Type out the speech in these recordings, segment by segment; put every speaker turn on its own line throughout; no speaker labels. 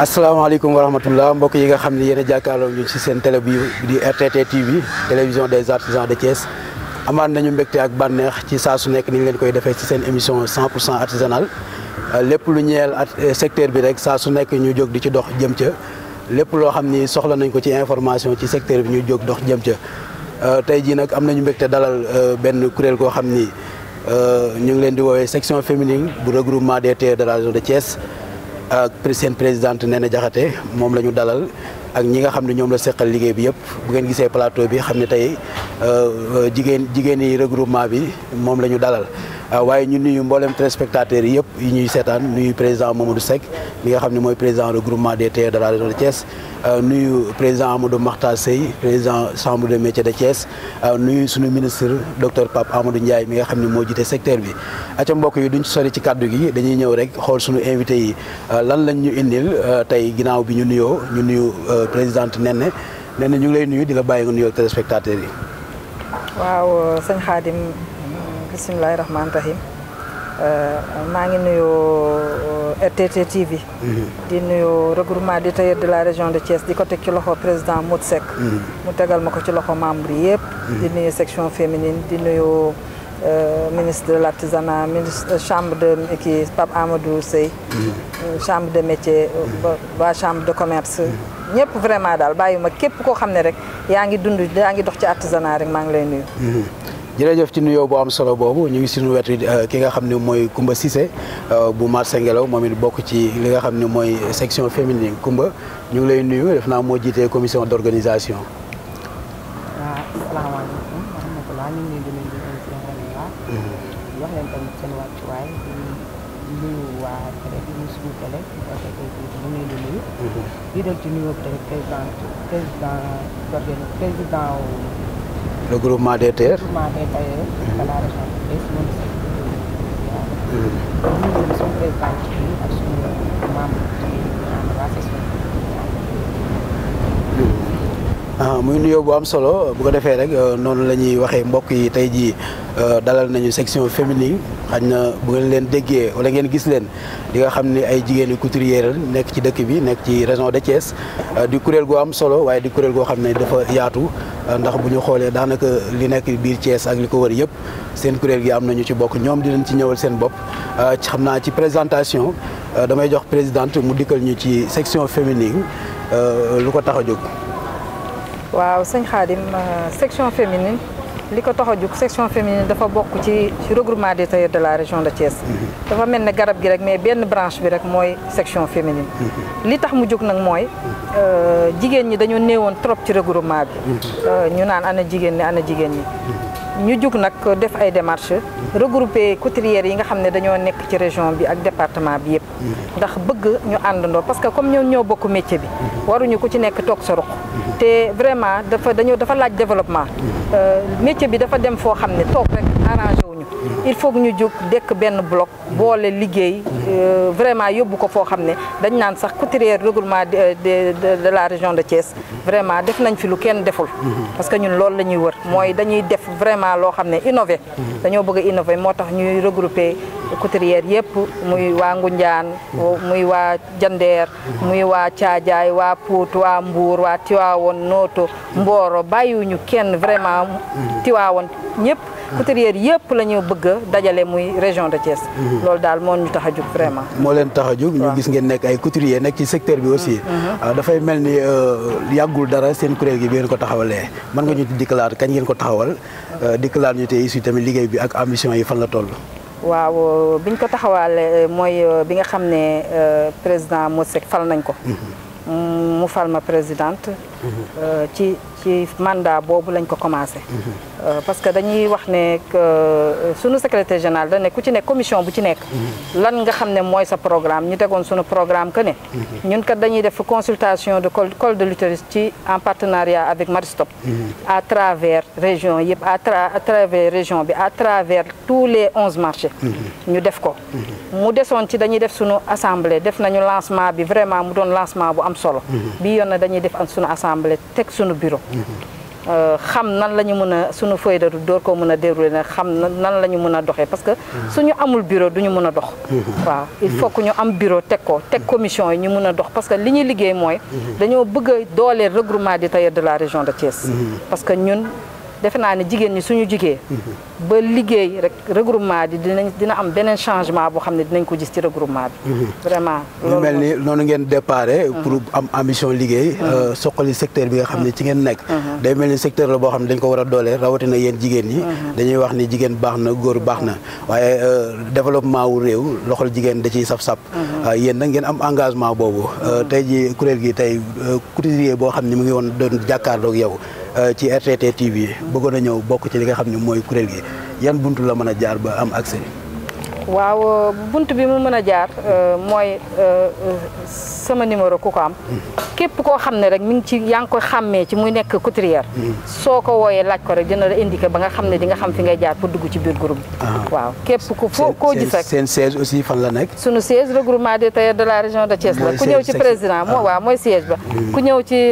asalaamaaleykum wa rahmatullah mbokk yi nga xam ne yéen a jàkkaarloo ñun ci seen télé di RTT TV télévision des artisans de Thiès amaat nañu mbégte ak bànneex ci saa su nekk ni ñu leen koy defee ci seen émission 100 pour cent artisanal euh, lépp lu ñeel euh, secteur bi rek saa su nekk ñu jóg di ci dox jëm ca lépp loo xam ni soxla nañ ko ci information ci secteur bi ñu jóg dox jëm ca euh, tey jii nag am nañu mbégte dalal benn kuréel koo xam ni ñu ngi leen di woowee section féminine bu regroupement des terres de la région de Thiès. seen présidente Néné Diakhaté moom la ñu dalal ak ñi nga xam ne ñoom la seqal liggéey bi yëpp bu ngeen gisee plateau bi xam ne tey euh, euh, jigéen jigéen yi regroupement bi moom la ñu dalal. Euh, waaye ñu nuyu mboolem téléspectateurs yi yëpp yi ñuy seetaan nuyu président Mamadou Seck mi nga xam ne mooy président regroupement des tailleurs de la région de Thiès euh, nuyu président Amadou Makhtar Seye président chambre de métiers de Thiès euh, nuyu suñu ministre docteur Pape Amadou njaay mi nga xam ne moo jiite secteur bi aca mbokk yi duñ sori ci kaddu gi dañuy ñëw rek xool suñu invité yi lan lañ ñu indil tey ginnaaw bi ñu nuyoo ñu nuyu présidente Nene Nene ñu ngi lay nuyu di la bàyyi nga nuyoo téléspectateurs yi
bisimilahi rahmaani rahim euh, maa ngi nuyu euh, RTT TV. Mm-hmm. di nuyu regroupement des tailleurs de la région de Thiès di ko teg ci loxo président Mout Seck. Mm-hmm. mu tegal ma ko ci loxo membre yëpp. Mm-hmm. di nuyu section féminine di nuyu euh, ministre de l' artisanat ministre chambre de kii Pape Amadou Seye. chambre de métier. waa chambre de commerce. ñëpp vraiment daal bàyyi ma képp koo xam ne rek yaa ngi dund yaa ngi dox ci artisanat rek maa ngi lay nuyu.
jërëjëf ci nuyoo bu am solo boobu ñu ngi suñu wet euh, ki nga xam ne mooy Kumba Cissé euh, bu marché Ngelaw moom it bokk ci li nga xam ne mooy section féminine Kumba ñu ngi lay nuyu def naa moo jiitee commission d' organisation. Ah, le groupement des terres. Ah, muy nuyoo bu am solo bu ko defee rek euh, noonu la ñuy waxee mbokk yi tey jii euh, dalal nañu section féminine xañ na bu ngeen leen déggee wala ngeen gis leen di nga xam ni ay jigéenu couturière nekk ci dëkk bi nekk ci région de Thiès euh, di kuréel goo am solo waaye di kuréel goo xam ne dafa yaatu ndax bu ñu xoolee daanaka li nekk biir Thiès ak li ko wër yëpp seen kuréel gi am nañu ci bokk ñoom dinañ ci ñëwal seen bopp xam naa ci présentation damay jox présidente mu dikkal ñu ci section féminine lu ko tax a jóg
waaw sëñ Khadim euh, section féminine li ko tox a jug section féminine dafa bokk ci regroupement des tailleurs de la région de Thiès. Mhm. dafa mel ne garab gi rek mais benn branche bi rek mooy section féminine. Mhm. li tax mu jóg nag mooy mhm. euh, jigéen ñi dañoo néewoon trop ci regroupement bi. Euh, ñu naan ana jigéen ñi ana jigéen ñi. ñu jug nag def ay démarches regrouper couturières yi nga xam ne dañoo nekk ci région bi ak département bi yëpp ndax bëgg ñu àndandoo parce que comme ñoom ñoo bokk métier bi waruñu ko ci nekk toog sa ruq te vraiment dafa dañoo dafa laaj développement euh, métier bi dafa dem foo xam ne toog rek arrangé wuñu il faut ñu jug dekk benn bloc boole liggéey euh, vraiment yóbbu ko foo xam ne dañ naan sax couturière regroupement de de la région de Thiès vraiment def nañ fi lu kenn deful def vraiment vraiment loo xam ne innové dañoo bëgg a moo tax ñuy regroupé couturière yëpp muy waa Ngunjaan muy waa Jandeer muy waa Caajaay waa Pout waa Mbuur waa Tiwaawoon Nooto Mbooro bàyyiwuñu kenn vraiment Tiwaawoon ñëpp couturière yëpp la ñu bëgg a dajale muy région de Thiès. loolu daal moo ñu tax a jug vraiment.
moo leen tax a jug ñu gis ngeen nekk ay couturier nekk ci secteur bi aussi. Mm-hmm. Ah, dafay mel ni euh, yàggul dara seen kuréel gi bi ngeen ko taxawalee. mën nga ñu kañ ngeen ko taxawal. dikkalaat ñu tey aussi tamit liggéey bi ak ambition yi fan la toll.
waaw euh, bi ñu ko taxawaale euh, mooy euh, bi nga xam ne président Motsek fal nañ ko. Mhm. mu fal ma présidente. Euh, ci ci mandat boobu lañ ko commencé. Mhm. Euh, parce que dañuy wax ne euh, sunu secrétaire général da ne ku ci nekk commission bu ci nekk. Mhm. lan nga xam ne mooy sa programme ñu tegoon sunu programme que ne. Mhm. ñun kat dañuy def consultation de col col de l'utérus ci en partenariat avec Maristop. à travers région yëpp à travers région bi à travers tous les onze marchés. ñu def ko. mu desoon ci dañuy def sunu assemblée def nañu lancement bi vraiment mu doon lancement bu am solo. bii assemblée teg suñu bureau. Euh, xam nan la ñu mën a suñu feuille de door koo mën a dérouler nag xam nan la ñu mën a doxee parce que suñu amul bureau du ñu mën a dox waaw il faut que ñu am bureau teg ko teg commission yi ñu mën a dox parce que li ñuy liggéey mooy dañoo bëgg doole dooleel regroupement des de la région de Thiès parce que ñun defe naa ne jigéen ñi suñu jugee mhm. ba liggéey rek regroupement bi dina am beneen changement boo xam ne dinañ ko gis ci regroupement bi mhm. vraiment
mel ni noonu ngeen déparé mhm. pour am ambition liggéey euh, soqali secteur bi nga xam ne ci ngeen nekk day mel ni secteur la boo xam ne dañ ko war a dooleel rawatina yéen jigéen ñi dañuy wax ni jigéen baax na góor baax na waaye euh, développement wu réew loxol jigéen da ciy saf-sap euh, yéen nag ngeen am engagement boobu tey ji kuréel gi tey couturier boo xam ni mu ngi woon doon jàkkaarloog yow Euh, ci RTT TV bëggoon a ñëw bokk ci li nga xam ne mooy kuréel gi yan buntu la mën a jaar ba am accès.
waaw euh, bunt bi mu mën a jaar euh, mooy euh, sama numéro ku ko am képp koo xam ne rek mu ngi ci yaa ngi koy xàmmee ci mu nekk couturière soo ko wooyee laaj ko rek dina la indiqué ba nga xam ne di nga xam fi ngay jaar pour dugg ci biir groupe bi ah. waaw képp ku foo koo gis rek seen
siège fan la nekk
sunu siège regroupement des tailleurs de la région de Thiès la ah. hmm. ku ñëw ci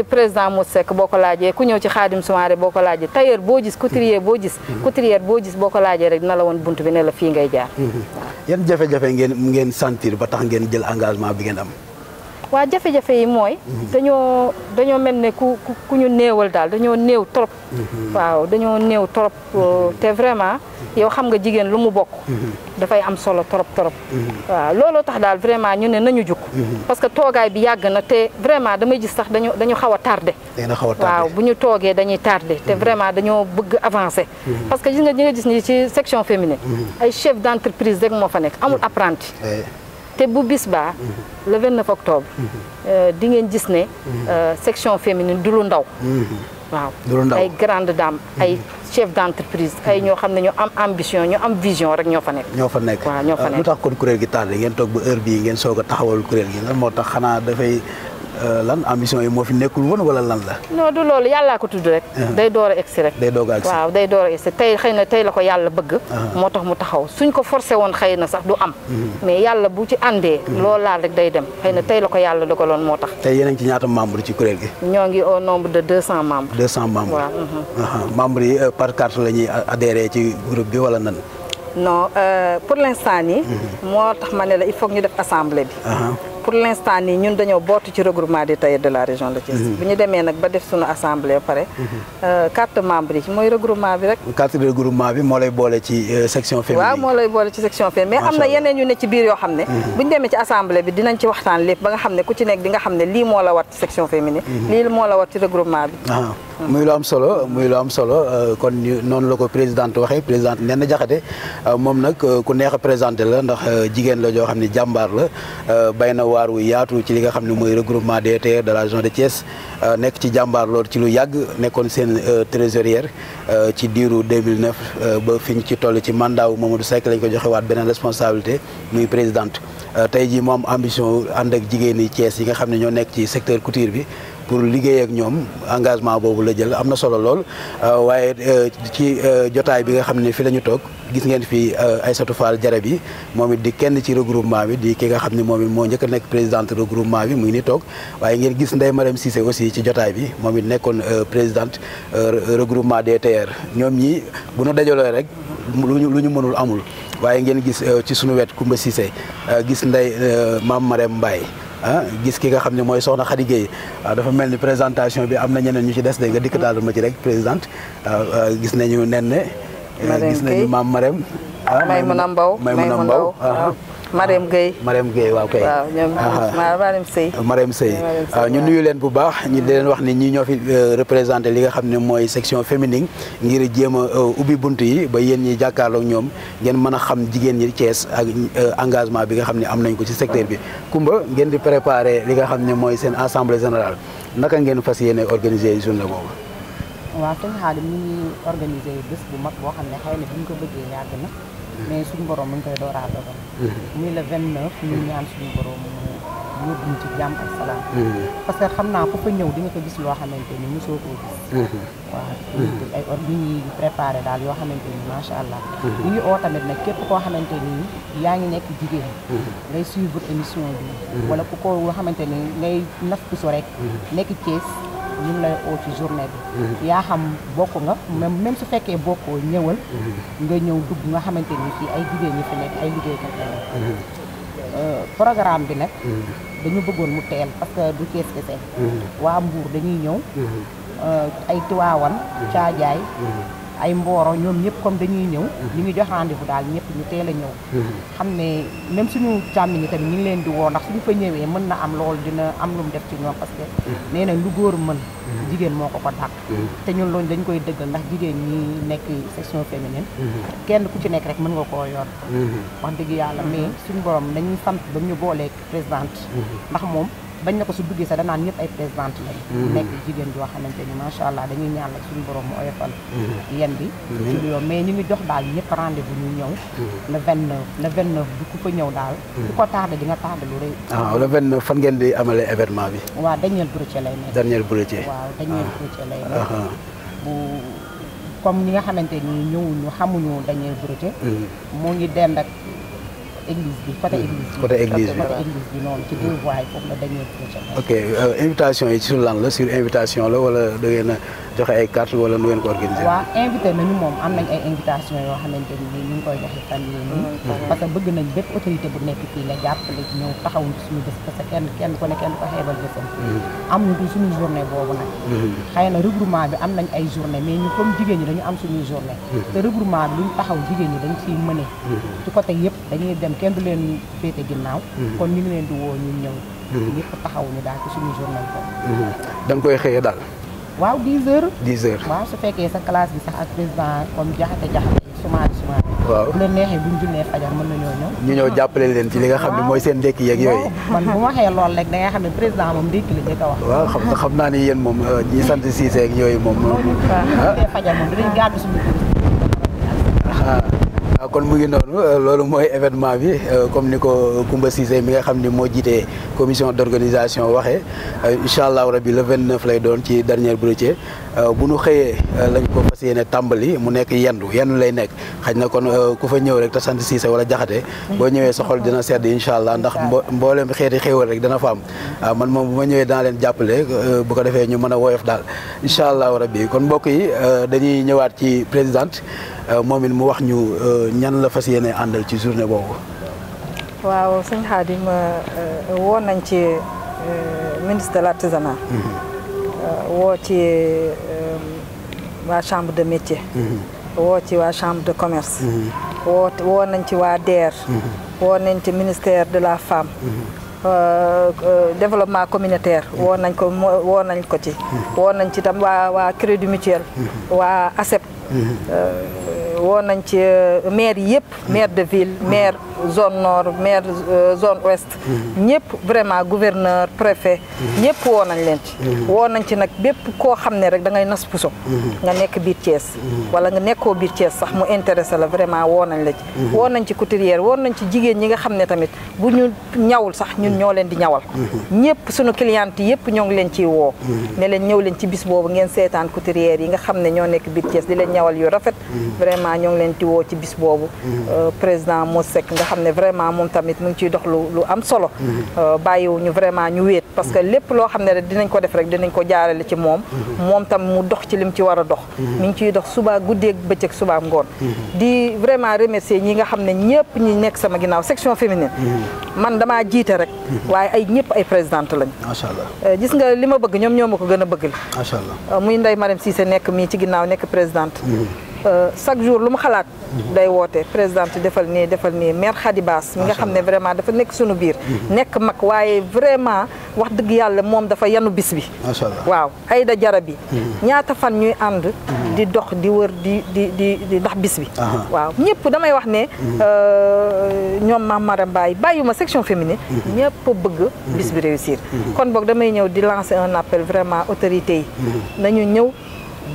président moo boo ko laajee ku ñëw ci Khadim Soumaré boo ko laajee tailleur boo gis couturier boo gis hmm. couturière boo gis boo ko laajee rek na la woon bunt bi ne la fii ngay jaar
hmm. yan jafe-jafe ngeen ngeen sentir ba tax ngeen jël engagement bi ngeen am.
waa jafe-jafe yi mooy. Mhm. dañoo dañoo mel ne ku ku ñu néewal daal dañoo néew trop. Mhm. waaw dañoo néew trop mhm. te vraiment yow xam nga jigéen lu mu bokk. dafay am solo trop trop. waaw looloo tax daal vraiment ñu ne nañu jug. parce que toogaay bi yàgg na te vraiment damay gis sax dañu dañu xaw a tardé. waaw bu ñu toogee dañuy tardé te vraiment dañoo bëgg avancer. parce que gis nga ñi nga gis nii ci section féminine. ay chef d'entreprise rek moo fa nekk amul apprenti. te bu bis baa le 29 octobre euh, di ngeen gis ne euh, section féminine du lu ndaw waaw ay grande dame ay chef d'entreprise ay ñoo xam ne ñu am ambition ñu am vision rek ñoo fa nekk
ñoo fa nekk waaw ñoo fa euh, nekk lu tax kon kuréel gi tardé ngeen toog ba heure bi ngeen soog a taxawal kuréel gi lan moo tax xanaa dafay Euh, lan ambition yi moo fi nekkul woon wala lan la.
non du loolu yàllaa ko tudd rek. Ah. day door a egsi rek. day doog a egsi waaw day door a egsi tey xëy na tey la ko yàlla bëgg. Ah. moo tax mu taxaw suñ ko forcé woon xëy na sax du am. Mm-hmm. mais yàlla bu ci àndee. Mm-hmm. loolu laa rek day dem xëy na mm-hmm. tey la ko yàlla dogaloon moo tax.
tey yéen ci ñaata membre ci kuréel gi.
ñoo ngi au nombre de 200 membres.
200 membres waaw. membres yi euh, par carte la ñuy adhéré ci groupe bi wala nan.
non euh, pour l'instant nii. moo tax ma ne la ñu def assemblée bi. pour l' instant nii ñun dañoo bootu ci regroupement des tailleurs de la région de Thiès. Mhm. bu ñu demee nag ba def suñu assemblée pare. Mhm. Euh, quatre membres mooy regroupement bi rek.
quatre regroupement bi moo lay boole ci euh, section féminine.
waaw moo lay boole ci section mais am na yeneen yu ne ci biir yoo xam ne. Mhm. bu ñu demee ci assemblée bi dinañ ci waxtaan lépp ba nga xam ne ku ci nekk di nga xam ne lii moo la war ci section féminine. lii moo la war ci regroupement bi.
Ah. muy lu am solo muy lu am solo euh, kon noonu la ko présidente waxee présidente Ndéné Diakhaté euh, moom nag euh, ku neex a la ndax jigéen la joo xam ne jàmbaar la bay na waar wu yaatu ci li nga xam ne mooy regroupement des terres de la région de Thiès nekk ci jàmbaar lool ci lu yàgg nekkoon seen trésorière ci diiru 2009 ba fi ñu ci toll ci moom a Mamadou Seck lañ ko joxe waat beneen responsabilité muy présidente tey jii moom ambition ànd ak jigéen yi Thiès yi nga xam ne ñoo nekk ci secteur couture bi pour liggéey ak ñoom engagement boobu la jël am na solo lool euh, waaye euh, ci euh, jotaay bi nga xam ne fi la ñu toog gis ngeen fi ay Fall jare bi moom it di kenn ci regroupement bi di ki nga xam ne moom it moo njëkk nekk présidente regroupement bi mu ngi ni toog waaye ngeen gis Ndeye Marème Cissé aussi ci jotaay bi moom it nekkoon président regroupement de DTR ñoom ñi bu nu dajaloo rek luñu lu ñu mënul amul waaye ngeen gis ci suñu wet Koumba Cissé gis Ndeye maam Marème Mbaye ah gis ki nga xam ne mooy soxna Khady Gueye ah, dafa mel ni présentation bi am na ñeneen ñu ci des de nga dikk daal ma ci rek présidente ah, ah, gis nañu nen ne eh, gis nañu maam mbaw Maymuna Mbow a mbaw
Marème ah. Gueye
Marème Gueye waaw kay. waaw ñoom ah. Marème Seye. Ah, ñu nuyu leen bu baax ñu di leen wax ni ñi ñoo fi euh, représenté li nga xam ne mooy section féminine ngir jéem a euh, ubbi bunt yi ba yéen ñi jàkkaarlook ñoom ngeen mën a xam jigéen ñi Thiès ak euh, engagement bi nga xam ni am nañ ko ci secteur bi. Kumba ngeen di préparer li nga xam ne mooy seen assemblée général naka ngeen fas yéene organiser journée boobu.
waaw sëñ Xaadim ñu ngi organisé bés bu mag boo xam ne xaw na bi ñu ko bëggee yàgg na mais suñu borom mu ngi koy dooraa dogal mm-hmm. muy le 29 ñu ñaan suñu borom mu yóbbuñ ci jàmm ak salaam mm-hmm. parce que xam naa ku fa ñëw di nga ko gis loo xamante ni mosoo koo gis mm-hmm. waaw ay or ñu ñuy daal yoo xamante ni macha allah ñu ngi oo képp koo xamante ni yaa ngi nekk jigéen ngay suivre émission bi wala ku ko loo xamante ni ngay naf pisu rek nekk Thiès ñu lay oo ci journée bi mm-hmm. yaa xam bokk nga même même su fekkee bokkoo ñëwal
mm-hmm.
nga ñëw dugg nga xamante ni fii ay jigéen ñi fi nekk ay liggéeykat lañu mm-hmm. euh, programme bi nag dañu bëggoon mu teel parce que du Cees kese waa Mbuur dañuy ñëw euh, ay Tiwaawan Caajaay ay mbooro ñoom ñëpp comme dañuy ñëw mhm. ñu ngi jox rendez-vous daal ñëpp ñu teel a ñëw mhm. xam ne même suñu càmmi ñi tamit ñu leen di woo ndax suñu fa ñëwee mën na am loolu dina am lu mu def ci ñoom parce que mhm. nee lu góor mën jigéen moo ko ko dàq te ñu loolu dañ koy dëggal ndax jigéen ñi nekk section féminine kenn ku ci nekk rek mën nga koo yoon wax dëgg yàlla mais suñu borom dañuy sant ba ñu boolee présidente ndax moom bañ na ko su duggee sax danaan ñëpp ay présidente lañ mhm. nekk jigéen joo xamante ni macha allah dañuy ñaan la suñu borom mu oyofal mhm. yéen bi mhm. ci lu mais ñu ngi dox daal ñëpp rendez-vous ñu ñëw le 29 le 29 bu ku ñëw daal ku ko tardé di nga tardé lu rëy ah le
29 fan ngeen di amalee événement bi
waaw Daniel Broutier lay nekk Daniel Broutier waaw Daniel ah. Broutier lay nekk uh-huh. bu comme ñi nga xamante nii ñëwuñu xamuñu Daniel Broutier moo ngi den ak église bi côté yi foofu la dañuy.
ok euh, invitation yi ci lan la sur invitation la wala da ngeen joxe ay carte wala nu ngeen ko organisé. waaw
invité nañu moom am nañ ay invitation yoo xamante ni ñu ngi koy joxe fan yii nii. Mm-hmm. Mm-hmm. parce bëgg nañ bépp autorité bu nekk fii la jàppale ci ñëw taxawuñ ci suñu ko ne kenn ko xeebal bésam.
Mm-hmm.
amuñ na regroupement bi am nañ ay journée mais ñu comme jigéen ñi dañu am suñuy journée. te regroupement bi luñ taxaw jigéen ñi dañ ciy mëne. ci côté yëpp dañuy dem kenn du leen féete ginnaaw. kon ñu ngi leen di woo ñu ñëw. ñëpp taxaw ñu daal ci suñu
journée boobu. dañ koy xëyee daal.
waaw 10 heures. 10 heures waaw su fekkee sa classe bi sax ak président comme jaxate jaxate sumaari sumaari. waaw bu leen neexee bu ñu fajar mën nañoo ñëw. ñu
ñëw jàppale leen ci li nga xam ne mooy seen ndékki yeeg yooyu.
man bu ma waxee loolu rek da nga xam ne président moom ndékki la njëkk a wax.
waaw xam naa ni yéen moom euh, ñi sant Cissé ak yooyu moom. moom ah. bu ñu jullee
fajar moom dinañ
waaw kon mu ngi noonu euh, loolu mooy événement bi euh, comme ni ko Koumba Cissé mi nga xam ni moo jiite commission d' organisation waxee euh, incha allah rabi le 29 lay doon ci dernier broutier. Euh, bu nu xëyee euh, lañ ko fas yéene tàmbali mu nekk yendu yendu lay nekk xaj na kon euh, ku fa ñëw rek te sant siise wala jaxate boo ñëwee sa xol dina sedd incha allah ndax mboolem xeeti xéewal rek dana fa am ah, man moom bu ma ñëwee dana leen jàppale bu ko defee ñu mën a woyof daal incha allahu rabbi kon mbokk yi dañuy ñëwaat ci président moom it mu wax ñu ñan la fas yéene àndal ci journée boobu
waaw sëñ Xaadim woon nañ ci ministre de Euh, woo ci euh, waa chambre de métier.
Mm-hmm.
woo ci waa chambre de commerce. Mm-hmm. woo woo nañ ci waa DER. Mm-hmm. woo nañ ci ministère de la femme. Euh, développement communautaire woo nañ ko woo nañ ko ci. woo nañ ci tam waa waa crédit mutuel. waa ASEP. woo nañ ci maire yëpp. maire de ville maire. zone nord maire euh, zone ouest mhm. ñëpp vraiment gouverneur préfet mhm. ñëpp woo nañ leen ci mhm. woo nañ ci nag bépp koo xam ne rek da ngay nas puso nga nekk biir cees wala nga nekkoo biir Thiès sax mu intéressé la vraiment woo nañ la ci woo nañ ci couturière woo nañ ci jigéen ñi nga xam ne tamit bu ñu ñawul sax ñun ñoo leen di ñawal ñëpp sunu cliente yëpp ñoo ngi leen ciy woo ne leen ñëw leen ci bis boobu ngeen seetaan couturière yi nga xam ne ñoo nekk biir Thiès di leen ñawal yu rafet vraiment ñoo ngi leen ci ci bis boobu euh, président xam ne vraiment moom tamit mu ngi ciy dox lu lu am solo euh, bàyyiwuñu vraiment ñu wéet parce que lépp loo xam ne rek dinañ ko def rek dinañ ko jaarale ci moom moom tam mu dox ci lim ci war a dox mu ngi ciy dox subaa guddeeg bëccëg subaa ngoon di vraiment remercier ñi nga xam ne ñëpp ñi nekk sama ginnaaw section féminine man damaa jiite rek waaye ay ñëpp ay présidente lañ macha euh, gis nga li ma bëgg ñoom ñoo ma ko gën a bëgg li macha allah euh, ma Ndeye Marème Cissé nekk mii ci ginnaaw nekk présidente Euh, chaque jour lu ma xalaat day woote présidente defal nii defal nii maire Khady Bass mi nga xam ne vraiment dafa nekk sunu biir mm-hmm. nekk mag waaye vraiment wax dëgg yàlla moom dafa yanu bis bi waaw Aïda Diarra bi mm-hmm. ñaata fan ñuy ànd mm-hmm. di dox di wër di di di di ndax bis bi waaw ñëpp damay wax ne euh, ñoom ma Mara Mbaye bàyyiwuma section féminine ñëpp bëgg bis bi réussir kon boog damay ñëw di lancer un appel vraiment autorité yi nañu ñëw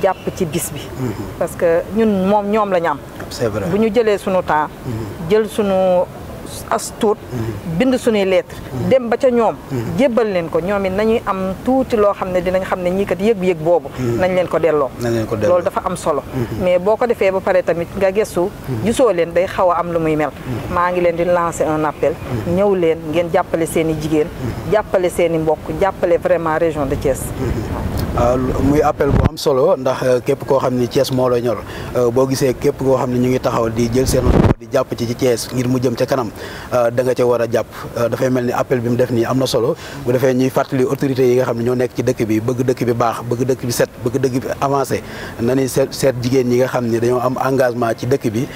jàpp ci bis bi. Mhm. parce que ñun moom ñoom la ñu am. c'est bu ñu jëlee suñu temps. Mhm. jël suñu as tuut. Mhm. bind suñuy lettre dem ba ca ñoom. jébbal leen ko ñoom it nañuy am tuuti loo xam ne dinañ xam ne ñii kat yëg-yëg boobu. nañ leen ko delloo. loolu dafa am solo. mais boo ko defee ba pare tamit nga gëstu. gisoo leen day xaw a am lu muy mel. maa ngi leen di lancer un appel. ñëw leen ngeen jàppale seen i jigéen. jàppale seen i mbokk jàppale vraiment région de Thiès.
Euh, muy appel bu am solo ndax euh, képp koo xam ni Thiès moo la ñor euh, boo gisee képp koo xam ne ñu ngi taxaw di jël seen di jàpp ci ci Thiès ngir mu jëm ca kanam da nga war jàpp dafay mel ni appel bi mu def nii am na solo bu defee ñuy fàttali autorités yi nga xam ne ñoo nekk ci dëkk bi bëgg dëkk bi baax bëgg dëkk bi set bëgg dëkk bi avancé na ni seet seet ñi nga xam ne dañoo am engagement ci dëkk bi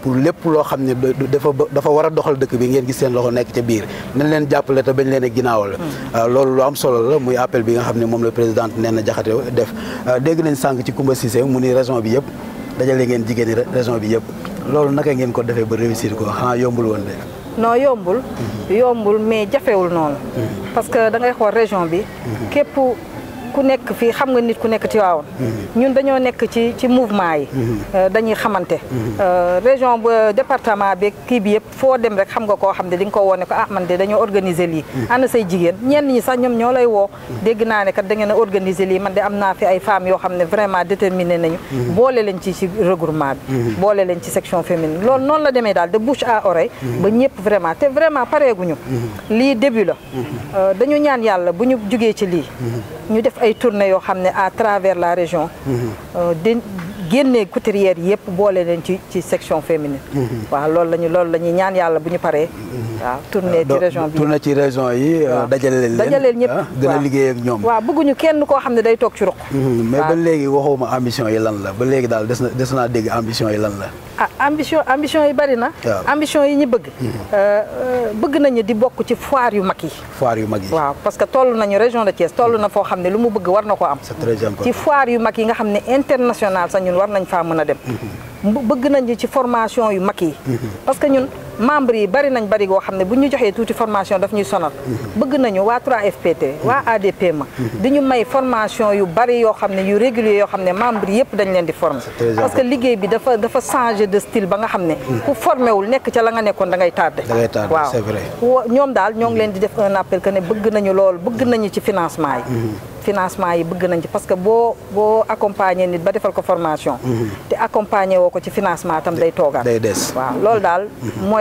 pour lépp loo xam ne dafa dafa war a doxal dëkk bi ngeen gis seen loxo nekk ca biir leen jàppale te bañ leen a ginnaawal hmm. loolu lu am solo la muy appel bi nga xam ne moom la présidente nee Soxna Jaxate def euh, dégg nañ sànq ci Koumba Cissé mu ni raison bi yëpp dajale ngeen jigéen ñi raison bi yëpp loolu naka ngeen ko defee ba réussir ko xanaa yombul woon de.
non yombul. Mhm. yombul mais jafewul noonu. Mhm. parce que da xool région bi. Mhm. képp ku nekk fii xam nga nit ku nekk Tivaouane mhm. ñun dañoo nekk ci ci mouvement yi mhm. euh, dañuy xamante mhm. euh, région ba département bi kii bi yëpp foo dem rek xam nga koo xam ne di nga ko woone ko ah man de dañoo organiser lii ana say jigéen ñenn ñi sax ñoom ñoo lay woo dégg naa ne kat da ngeen a organiser lii man de am naa fi ay femmes yoo xam ne vraiment déterminé nañu boole leen ci ci regroupement bi boole leen ci section féminine lool noonu la demee daal de bouche à oreille ba ñëpp vraiment te vraiment pareeguñu li début la euh, dañu ñaan yàlla bu ñu jugee ci lii ñu def ay tournées yoo xam ne à travers la région. Mm-hmm. Euh, génnee couturières yëpp boole leen ci ci section féminine. Mhm. waaw loolu la ñu loolu la ñuy ñaan yàlla bu ñu paree. Mhm. waaw tourné ah, ci région bi
tourné ci région yi. Euh, dajale leen dajaleel ñëpp ah, gën a liggéey ak ñoom.
waaw bëgguñu kenn koo xam ne day toog ci ruq.
Mhm. mais ba léegi waxuma ambition yi lan la ba léegi daal des na des naa dégg ambition yi lan la.
ah ambition yi bari na. ambition yi ñu bëgg. Euh, euh, bëgg nañu di bokk ci foire yu mag yi. foire yu mag yi waaw parce que toll nañu région de Thiès toll na foo xam ne lu mu bëgg war na ko am. ci foire yu mag yi nga xam ne international sax war nañ faa mën a dem mhm. bëgg nañ ci formation yu mag yi mhm. parce que ñun membre yi bari nañ bari goo xam ne bu ñu joxee tuuti formation daf ñuy sonal mm-hmm. bëgg nañu waa 3FPT waa mm-hmm. ADP ma mm-hmm. di ñu may formation yu bari yoo xam ne yu régulier yoo xam ne membre yëpp dañ leen di former parce que liggéey bi dafa dafa changer de style ba nga xam ne ku formé wul nekk ca la nga nekkoon da ngay tardé waaw c'est vrai ñoom daal ñoo leen di def un appel que ne bëgg nañu lool bëgg nañu ci financement yi financement yi bëgg nañ ci parce que boo boo accompagner nit ba defal ko formation te accompagner woo ko ci financement tam day toogaat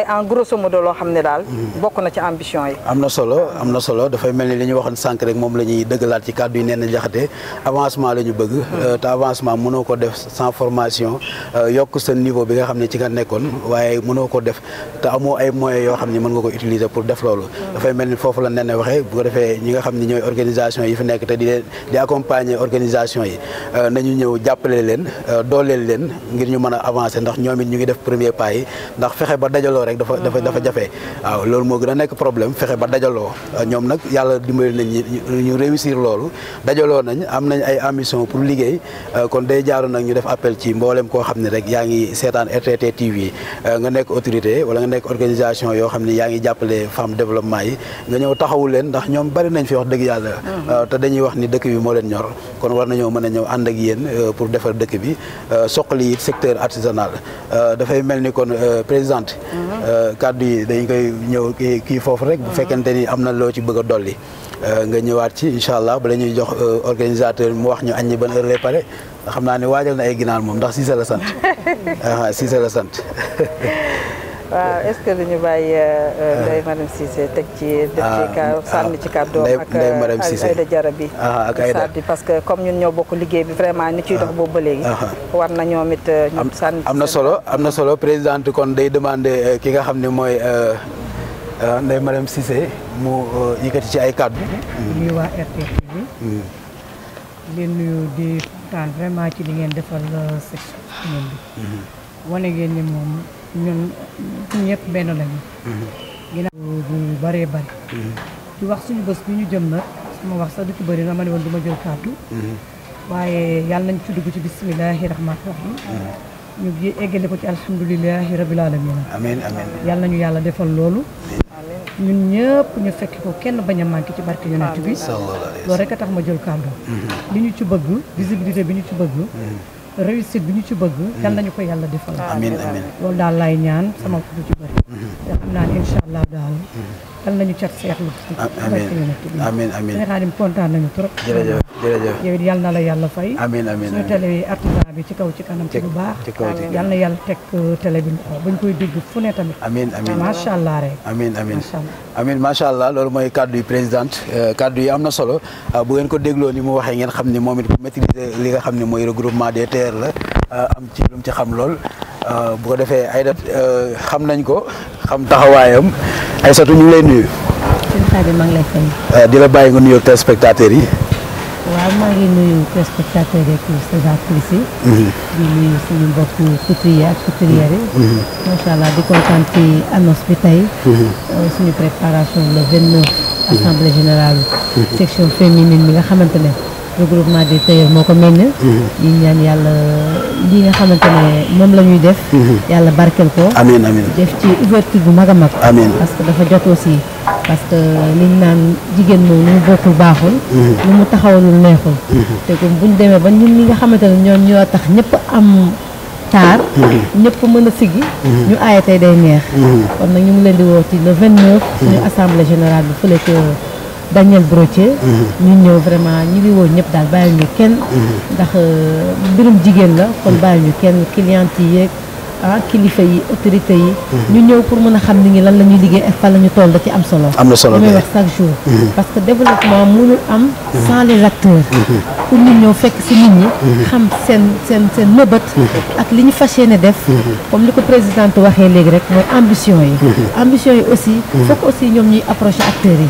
mooy en grosso modo loo xam ne daal. bokk na ci
ambition yi. am na solo am na solo dafay mel ni li ñu waxoon sànq rek moom la ñuy dëggalaat ci kàddu yi nee jaxate avancement la ñu bëgg. Euh, te avancement mënoo ko def sans formation euh, yokk sa niveau bi nga xam ne ci nga nekkoon waaye mënoo ko def te amoo ay moyens yoo xam ne mën nga ko utiliser pour def loolu. dafay mel ni foofu la nee na waxee bu ko defee ñi nga xam ne ñooy organisation yi fi nekk te di leen di accompagner yi euh, nañu ñu mën a avancer ndax ñoom it ñu ngi def premier pas yi ndax fexe ba dajaloo rek rek dafa dafa dafa jafe waaw loolu moo gën a nekk problème fexe ba dajaloo ñoom nag yàlla dimbali nañ ñu réussir loolu dajaloo nañ am nañ ay ambition pour liggéey euh, kon day jaaru nag ñu def appel ci mboolem koo xam ne rek yaa ngi seetaan RTT TV euh, nga nekk autorité wala nga nekk organisation yoo xam ne yaa ngi jàppale femme développement yi nga ñëw taxawu leen ndax ñoom bari nañ fi wax dëgg yàlla mm-hmm. euh, te dañuy wax ni dëkk bi moo leen ñor kon war nañoo mën a ñëw ànd ak yéen pour defar dëkk bi soqali it secteur artisanal dafay mel ni kon présidente mm-hmm. Euh, kàddu yi dañ koy ñëw kii kii foofu rek. bu mhm. fekkente ni am na loo ci bëgg a dolli. Euh, nga ñëwaat ci incha allah bala ñuy jox euh, organisateur mu wax ñu añ ñi ban heure lay pare xam naa ne waajal na ay ginaar moom ndax Cissé la sant ah, Cissé la sant.
waaw est-ce que duñu bàyyi euh, euh, Ndeye Marème Cissé teg ci. def ci ah, ka ah, sànni ci kàddoom ak euh, Aïda Diarra bi
ah, ak Aïda
parce que comme ñun ñoo bokk liggéey bi vraiment ni ciy dox boobu ba léegi. war na ñoom it
ñu sànni. am na solo am na solo présidente kon day demander ki nga xam ne mooy Ndeye Marème Cissé mu yëkkati ci ay kàddu. nuyu waa
bi hmm. di nuyu di kontaan vraiment ci li ngeen defal section bi. Hmm. wane ngeen moom. ñun ñëpp benn lañu. Mm-hmm. ginnaaw bu bëree bëri.
Mm-hmm.
wax suñu bés bi ñu jëm nag sama wax sax du ci bëri na ma ne woon du ma jël kàddu. Mm-hmm. yàlla nañ ci dugg ci bisimilahi rahmaani rahim. ñu eggale ko ci alhamdulilahi rabil aalamiina. amiin amiin yàlla nañu yàlla defal loolu. ñun ñëpp ñu fekk ko kenn bañ manqué ci barke yonent bi. loolu rek a tax ma jël kàddu. bi ñu ci bëgg. réussite bi ñu ci bëgg. Hmm. yal nañu ko yàlla defal. amiin amiin loolu daal laay ñaan sama ko ci bëri. Hmm. te xam naa ne incha allah daaw hmm. yal nañu cat seetlu. amiin amiin amiin xaadim kontaan nañu trop. jërëjëf jërëjëf yow it yal na la yàlla fay. amiin amiin suñu télé artisan bi ci kaw ci baax
ci kaw ci yàlla
teg euh, télé bi bañ fu ne tamit.
amiin amiin macha allah rek. amiin amiin macha allah amiin macha loolu mooy kàddu yi présidente euh, kàddu yi am na solo euh, bu ngeen ko dégloo ni mu waxee ngeen xam ne moom it maîtriser li nga xam ne mooy regroupement des DER la euh, am ci lu mu ci xam lool euh, bu ko defee ay da euh, xam nañ ko xam taxawaayam ay satu ñu lay nuyu. sëñ Xaadim maa ngi lay fay. di la bàyyi nga nuyoo téléspectateurs yi.
waaw maa ngi nuyu téléspectateurs yi ak Sénégal plus yi. Mhm. di nuyu suñu mbokku couturier ak couturière yi. Mhm. macha allah di kontaan ci annonce bi tey. Mhm. suñu préparation le 29. assemblée générale. section féminine bi nga xamante ne. regroupement des tailleurs moo ko meññ. ñu
mm-hmm.
ñaan yàlla li nga xamante ne moom la ñuy def. Mm-hmm. yàlla barkeel ko. amiin amiin def ci ouverture bu mag a mag. amiin parce que dafa jot aussi parce que liñ naan jigéen moom lu mu bokkul baaxul. Mm-hmm. lu mu taxawalul neexul. te comme buñ demee ba ñun ñi nga xamante ne ñoom ñoo tax ñëpp am. taar ñëpp mën a siggi ñu aaye tey day neex kon nag ñu ngi leen di woo ci le vingt neuf suñu assemblée générale bi fële ca Daniel Brottier mm-hmm. ñu ñëw vraiment ñi ngi woon ñëpp daal bàyyi ñu kenn mm-hmm. ndax euh, mbirum jigéen la kon mm-hmm. bàyyi ñu kenn cliente yi yeeg ah kilifa yi autorité yi ñu ñëw pour mën a xam ni ngi lan la ñuy liggéey ak fan la ñu toll da ci am solo am na solo may wax chaque jour parce que développement mënul am sans les acteurs pour ñu ñëw fekk si nit ñi xam seen seen seen ak li ñu fas ne def comme li ko présidente waxee léegi rek mooy ambition yi ambition yi aussi fokk aussi ñoom ñuy approché acteurs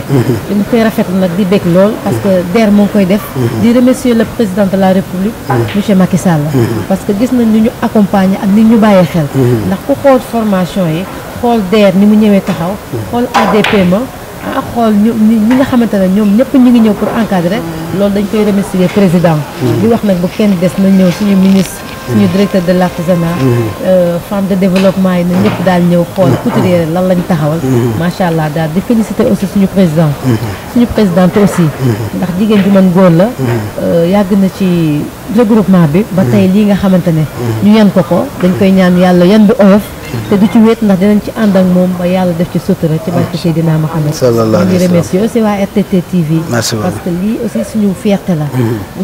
yi dañ koy rafetlu nag di bég lool parce que DER moo ngi koy def di remercier le président de la république monsieur Macky Sall parce que gis nañ ni ñu accompagner ak ni ñu bàyyi xel ndax ku xool formation yi xool DER ni mu ñëwee taxaw xool ADP ma ah xool ñu ñi nga xamante ne ñoom ñëpp ñu ngi ñëw pour encadrer loolu dañ koy remercier président mm-hmm. di wax nag bu kenn des na ñëw suñu ministre mm-hmm. suñu directeur de l'artisanat mm-hmm. euh, femme de développement yi na ñëpp daal ñëw xool couturier lan lañ taxawal macha allah daal di féliciter aussi suñu président suñu présidente aussi ndax jigéen ju mën góor la euh, yàgg na ci regroupement bi ba tey lii nga xamante ne ñu yan ko ko dañ koy ñaan yàlla yan bi oyof te du ci wéet ndax dinañ ci ànd ak moom ba yàlla def ci sutura ci barke Seydina Mohamed ñu ngi remercier aussi waa RTT TV la mm-hmm.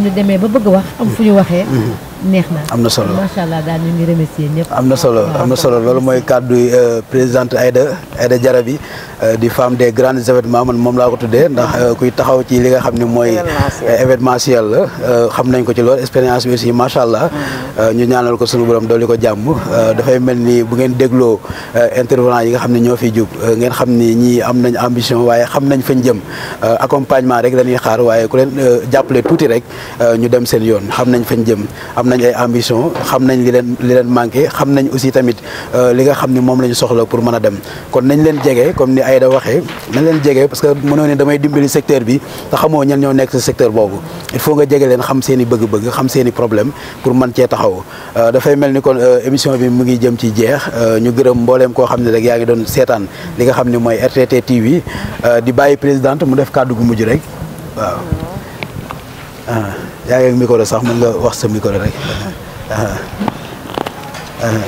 ñu demee ba bëgg wax fu ñu waxee mm-hmm. neex na am na solo macha allah daal ñu
ngi remercier ñëpp am na solo am solo loolu mooy kàddu euh, présidente Aïda Aïda Diarra bi euh, di femme des grands ma man moom laa ko tuddee ndax euh, kuy taxaw ci li nga xam ne mooy événementiel la xam nañ ko ci loolu expérience bi aussi macha allah. Euh, ñu ñaanal ko sunu borom dolli ko jàmm. Euh, dafay mel ni bu ngeen dégloo euh, intervenant yi nga xam ne ñoo fi jub ngeen xam ni ñii am nañ ambition waaye xam nañ fañ jëm accompagnement rek dañuy xaar waaye ku leen jàppale tuuti rek ñu dem seen yoon xam nañ fañ jëm am nañ ay ambition xam nañ li leen li leen manqué xam nañ aussi tamit li nga xam ni moom la soxla pour mën a dem kon nañ leen jege comme ni Aïda waxee nañ leen jege parce que mënoo ne damay dimbali secteur bi te xamoo ñan ñoo nekk si secteur boobu il faut nga jege am problème pour man cee taxaw euh, dafay mel ni kon euh, émission bi mu ngi jëm ci jeex euh, ñu gërëm mbooleem koo xam ne rek yaa ngi doon seetaan li nga xam ne mooy RTT TV di bàyyi présidente mu def kàddu gu mujj rek waaw ah, yaa ngi ak micro sax mën nga wax sa micro rek ah, ah,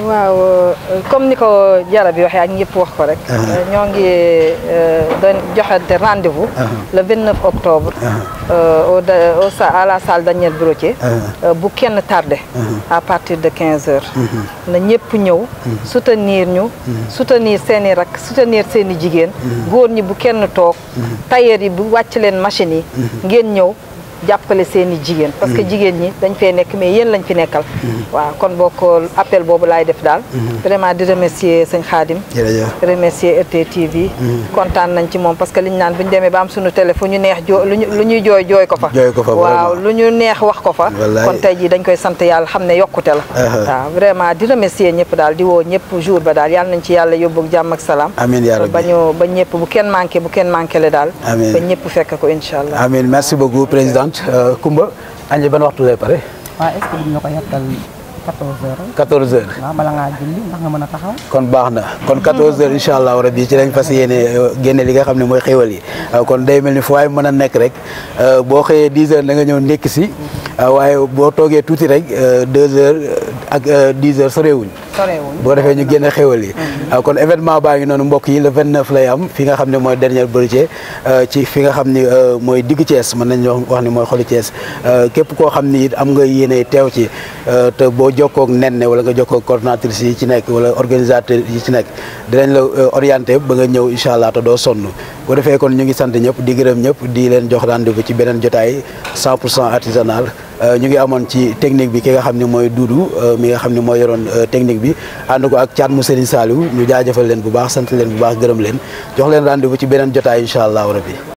waaw comme ni ko jara bi waxee ak ñëpp wax ko rek. Ah. ñoo ngi euh, doon joxante rendez-vous. Ah. le 29 octobre. Ah. Euh, au au sa à la salle Daniel Brottier. Euh, bu kenn tardé. à partir de 15 heures. Mm-hmm. na ñëpp ñëw. Mm-hmm. soutenir ñu. Mm-hmm. soutenir seen i rak soutenir seen i jigéen. góor ñi bu kenn toog. tailleur yi bu wàcc leen machine yi. ngeen ñëw. jàppale seen i jigéen. parce que mm-hmm. jigéen ñi dañ fee nekk mais yéen lañ fi nekkal. Mm-hmm. waaw kon boo ko appel boobu laay def daal. Mm-hmm. vraiment di remercier sëñ Khadim. remercier RT TV. kontaan nañ ci moom parce que liñ naan bu ñu demee ba am suñu téléphone ñu neex joo lu ñuy jooy jooy ko fa. waaw lu ñu neex wax ko fa. kon tey jii dañ koy sant yàlla xam ne yokkute la. waaw vraiment di remercier ñëpp daal di woo ñëpp jour ba daal yàlla nañ ci yàlla yóbbu jàmm ak salaam. ba ñu ñëpp bu kenn manqué bu kenn manqué le daal. amiin ba ñëpp fekk ko incha allah.
amiin merci beaucoup Kumba euh, añ ban waxtu lay pare.
waaw est-ce que duñ la ko yàttal
14h.
14h waaw
nga mën a taxaw.
kon baax na kon 14h incha allah rabi ci lañ fas yéene euh, génne li nga xam ne mooy xéwal yi euh, kon day mel ni foo waay mën a nekk rek boo xëyee 10h da nga ñëw nekk si waaye boo toogee tuuti rek 2h ak 10h soreewuñ. bu ko defee ñu génn xewal yi mm-hmm. ah, kon événement baa ngi noonu mbokk yi la le 29 lay am fi nga xam ne mooy dernier Berthie ci fi nga xam ni euh, mooy diggu Thiès mën nañ wax ni mooy xolu Thiès euh, képp koo xam ni it am nga yéene teew ci euh, te boo jokkoog nen ne wala nga jokkoog coordinatrice yi ci nekk wala organisateur yi ci nekk dinañ la orienté ba nga ñëw incha allah te doo sonn boo defee kon ñu ngi sant ñëpp di gërëm ñëpp di leen jox rendez-vous ci beneen jotaay 100 pour cent Euh, ñu ngi amoon ci technique bi ki nga xam ne mooy Doudou euh, mi nga xam ne mooy yoroon euh, technique bi ànd ko ak Thiat mu Serigne Saliou ñu jaajëfal leen bu baax sant leen bu baax gërëm leen jox leen rendez-vous ci beneen jotaay incha allahu rabbi